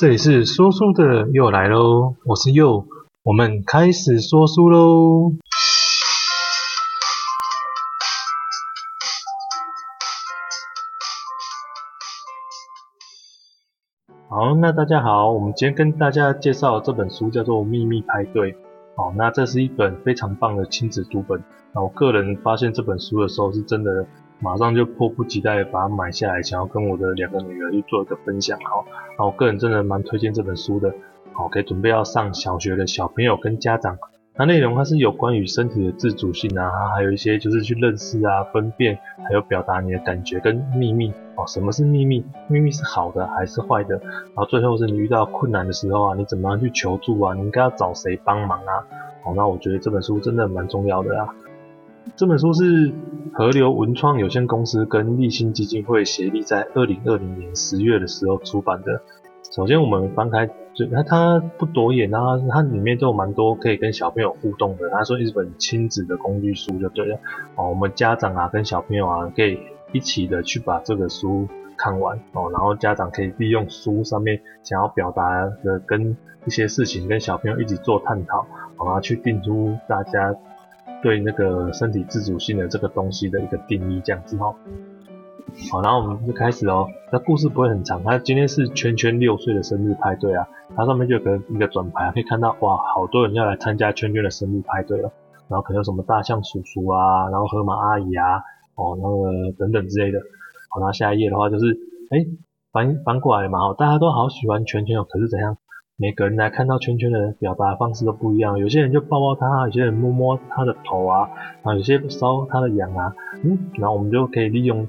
這裡是說書的又來嘍，我是又，我們開始說書嘍。好，那大家好，我們今天跟大家介紹這本書叫做《秘密派對》。好，哦，那這是一本非常棒的親子讀本。那我個人發現這本書的時候，是真的。馬上就迫不及待把它買下來，想要跟我的兩個女兒去做一個分享。好，那我個人真的蠻推薦這本書的，好給準備要上小學的小朋友跟家長。那內容它是有關於身體的自主性啊，還有一些就是去認識啊、分辨，還有表達你的感覺跟秘密哦。什麼是秘密？秘密是好的還是壞的？然後最後是你遇到困難的時候啊，你怎麼樣去求助啊？你應該要找誰幫忙啊？好，那我覺得這本書真的蠻重要的啊。這本書是河流文創有限公司跟立新基金會協力在二零二零年十月的時候出版的。首先，我們翻開，就它它不多言啊，它裡面就有蠻多可以跟小朋友互動的。它說一本親子的工具書就對了。哦，我們家長啊跟小朋友啊可以一起的去把這個書看完哦，然後家長可以利用書上面想要表達的跟一些事情跟小朋友一起做探討，哦、然後去定出大家。對那個身體自主性的這個東西的一個定義，這樣子哈、哦。好，然後我們就開始哦，那故事不會很長，它今天是圈圈六歲的生日派對啊。它上面就有個一個轉盤啊，可以看到哇，好多人要來參加圈圈的生日派對了。然後可能有什麼大象叔叔啊，然後河馬阿姨啊，哦，然後，那個，等等之類的。好，那下一頁的話就是，哎，翻翻過來嘛，好，大家都好喜歡圈圈哦，可是怎樣？每個人來看到圈圈的表達方式都不一樣，有些人就抱抱他，有些人摸摸他的頭啊，啊，有些搔他的癢啊，嗯，然後我們就可以利用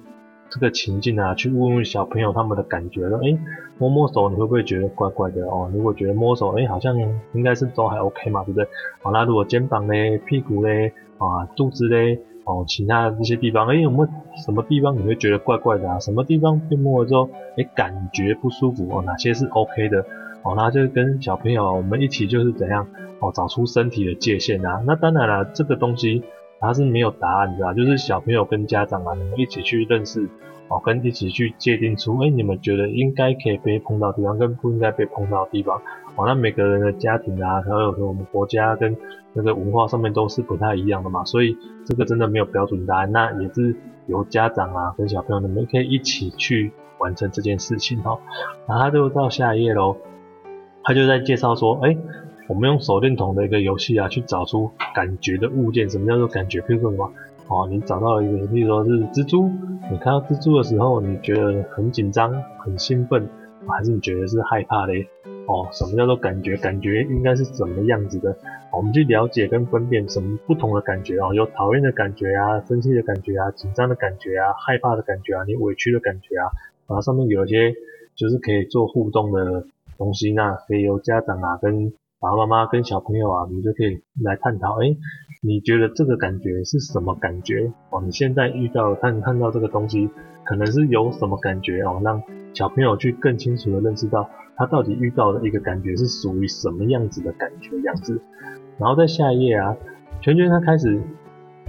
這個情境啊，去問問小朋友他們的感覺了。哎、欸，摸摸手你會不會覺得怪怪的哦？如果覺得摸手，哎、欸，好像應該是都還 OK 嘛，對不對？好、哦，那如果肩膀咧、屁股咧、啊肚子咧、哦其他這些地方，哎、欸，有沒有什麼地方你會覺得怪怪的啊？什麼地方被摸了之後，哎、欸，感覺不舒服哦？哪些是 OK 的？哦，那就是跟小朋友啊，我們一起，就是怎樣哦，找出身體的界限啊。那當然了、啊，這個東西它是沒有答案的，啊，就是小朋友跟家長啊，你們一起去認識哦，跟一起去界定出，誒、欸，你們覺得應該可以被碰到的地方，跟不應該被碰到的地方。哦，那每個人的家庭啊，還有我們國家跟那個文化上面都是不太一樣的嘛，所以這個真的沒有標準答案。那也是由家長啊，跟小朋友你們可以一起去完成這件事情哦。那、啊、它就到下一頁嘍。他就在介紹說：“哎、欸，我們用手電筒的一個遊戲啊，去找出感覺的物件。什麼叫做感覺？比如說什麼？哦，你找到了一個，例如說是蜘蛛。你看到蜘蛛的時候，你覺得很緊張、很興奮、哦，還是你覺得是害怕咧？哦，什麼叫做感覺？感覺應該是什麼樣子的、哦？我們去了解跟分辨什麼不同的感覺啊、哦？有討厭的感覺啊，生氣的感覺啊，緊張的感覺啊，害怕的感覺啊，你委屈的感覺啊。然後上面有一些就是可以做互動的。”東西那、啊、可以由家長啊跟爸爸媽媽、啊、跟小朋友啊，我們就可以來探討。哎、欸，你覺得這個感覺是什麼感覺？哦，你現在遇到看看到這個東西，可能是有什麼感覺哦，讓小朋友去更清楚的認識到他到底遇到的一個感覺是屬於什麼樣子的感覺樣子。然後在下一頁啊，圈圈他開始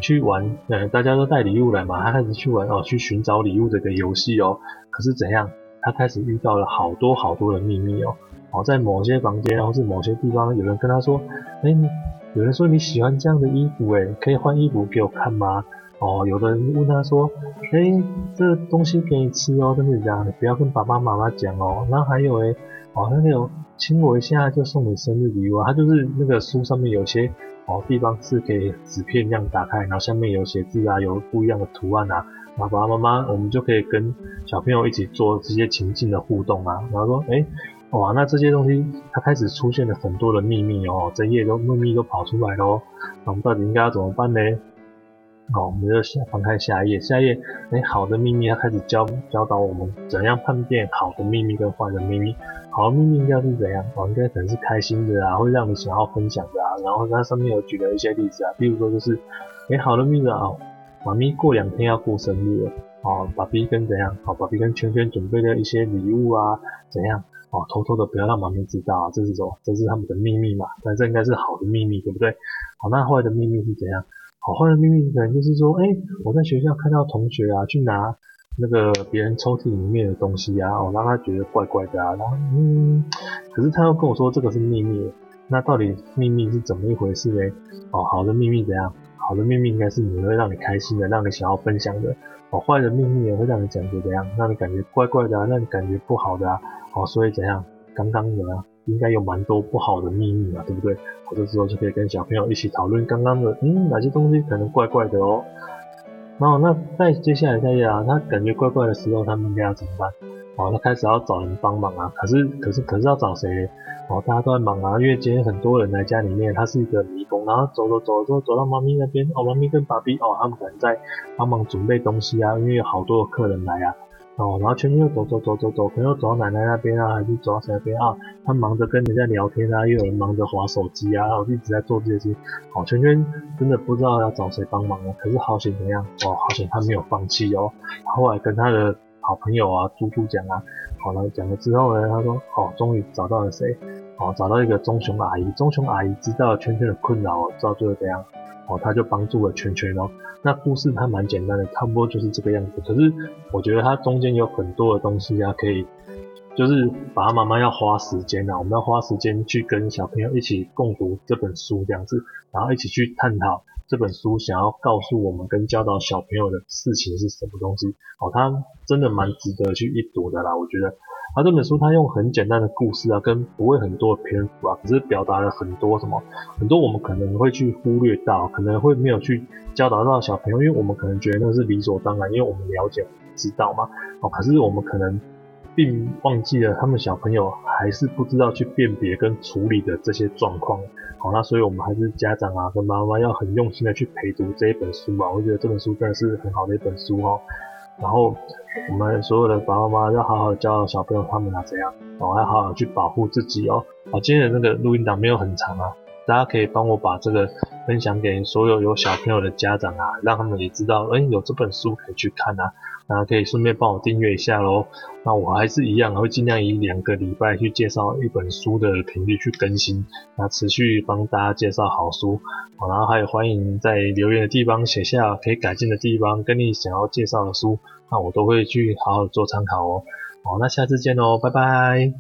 去玩，呃，大家都帶禮物來嘛，他開始去玩哦，去尋找禮物這個遊戲哦。可是怎樣？他開始遇到了好多好多的秘密哦，哦，在某些房間，或是某些地方，有人跟他說，你，有人說你喜歡這樣的衣服、欸，誒可以換衣服給我看嗎？哦，有人問他說、欸，誒這東西可以吃哦、喔，但是這樣，你不要跟爸爸媽媽講哦。然後還有誒哦，那種親我一下就送你生日禮物、啊，他就是那個書上面有些哦、喔、地方是可以紙片這樣打開，然後下面有寫字啊，有不一樣的圖案啊。爸爸媽媽，我們就可以跟小朋友一起做這些情境的互動啊。然後說，哎、欸，哇，那這些東西它開始出現了很多的秘密哦，這一頁都秘密都跑出來了，哦。那我們到底應該要怎麼辦呢？好，哦，我們就先翻看，看下一頁，下一頁，哎、欸，好的秘密它開始教教導我們怎樣判斷好的秘密跟壞的秘密。好的秘密應該是怎樣？我、哦、應該可能是開心的啊，會讓你想要分享的啊。然後它上面有舉了一些例子啊，比如說就是，哎、欸，好的秘密啊。媽咪過兩天要過生日了，哦，爸比跟怎樣？哦，爸比跟圈圈準備了一些禮物啊，怎樣？哦，偷偷的不要讓媽咪知道啊，這是什麼，這是他們的秘密嘛？但這應該是好的秘密，對不對？哦，那壞的秘密是怎樣？好、哦，壞的秘密可能就是說，誒、欸、我在學校看到同學啊，去拿那個別人抽屜裡面的東西啊，我、哦、讓他覺得怪怪的啊，然後嗯，可是他又跟我說這個是秘密，那到底秘密是怎麼一回事嘞？哦，好的秘密怎樣？好的秘密應該是你會讓你開心的，讓你想要分享的。好、哦、壞的秘密也會讓你感覺怎樣？讓你感覺怪怪的、啊，讓你感覺不好的啊。好、哦、所以怎樣？剛剛的、啊、應該有蠻多不好的秘密嘛，對不對？哦，這的時候就可以跟小朋友一起討論剛剛的，嗯，哪些東西可能怪怪的、喔、哦。然後，那在接下來再、啊，再啊他感覺怪怪的時候，他們應該要怎麼辦？哦，他開始要找人幫忙啊，可是可是可是要找誰？哦，大家都在忙啊，因為今天很多人來家裡面，他是一個迷宮，然後走走走走走到媽咪那邊，哦，媽咪跟爸比哦，他們可能在幫忙準備東西啊，因為有好多的客人來啊，哦，然後圈圈又走走走走走，可能又走到奶奶那邊啊，還是走到誰那邊啊？哦，他忙着跟人家聊天啊，又有人忙着滑手機啊，然後一直在做這些事，哦，圈圈真的不知道要找誰幫忙啊。可是好險怎樣？哦，好險他沒有放棄哦，後來跟他的。好朋友啊，豬豬講啊，好了，講了之後呢，他說，好、哦，終於找到了誰？好、哦，找到一個棕熊阿姨。棕熊阿姨知道圈圈的困擾、哦，知道就是這怎樣，哦，他就幫助了圈圈哦。那故事還蠻簡單的，差不多就是這個樣子。可是我覺得它中間有很多的東西啊，可以，就是爸爸媽媽要花時間啊，我們要花時間去跟小朋友一起共讀這本書這樣子，然後一起去探討。這本書想要告訴我們跟教導小朋友的事情是什麼東西？哦，它真的蠻值得去一讀的啦，我覺得。啊，這本書它用很簡單的故事啊，跟不會很多的篇幅啊，只是表達了很多什麼，很多我們可能會去忽略到，可能會沒有去教導到小朋友，因為我們可能覺得那是理所當然，因為我們了解，知道嘛。哦，可是我們可能。並忘記了，他們小朋友還是不知道去辨別跟處理的這些狀況。好，那所以我們還是家長啊，跟媽媽要很用心的去陪讀這一本書啊。我覺得這本書真的是很好的一本書哦。然後我們所有的爸爸媽媽要好好教小朋友他們要怎樣哦，要好好去保護自己哦。好，今天的那個錄音檔沒有很長啊。大家可以幫我把這個分享給所有有小朋友的家長啊，讓他們也知道，欸，有這本書可以去看啊，然後可以順便幫我訂閱一下嘍。那我還是一樣，會盡量以兩個禮拜去介紹一本書的頻率去更新，那持續幫大家介紹好書。好，然後還有歡迎在留言的地方寫下可以改進的地方，跟你想要介紹的書，那我都會去好好做參考哦。好，那下次見嘍，拜拜。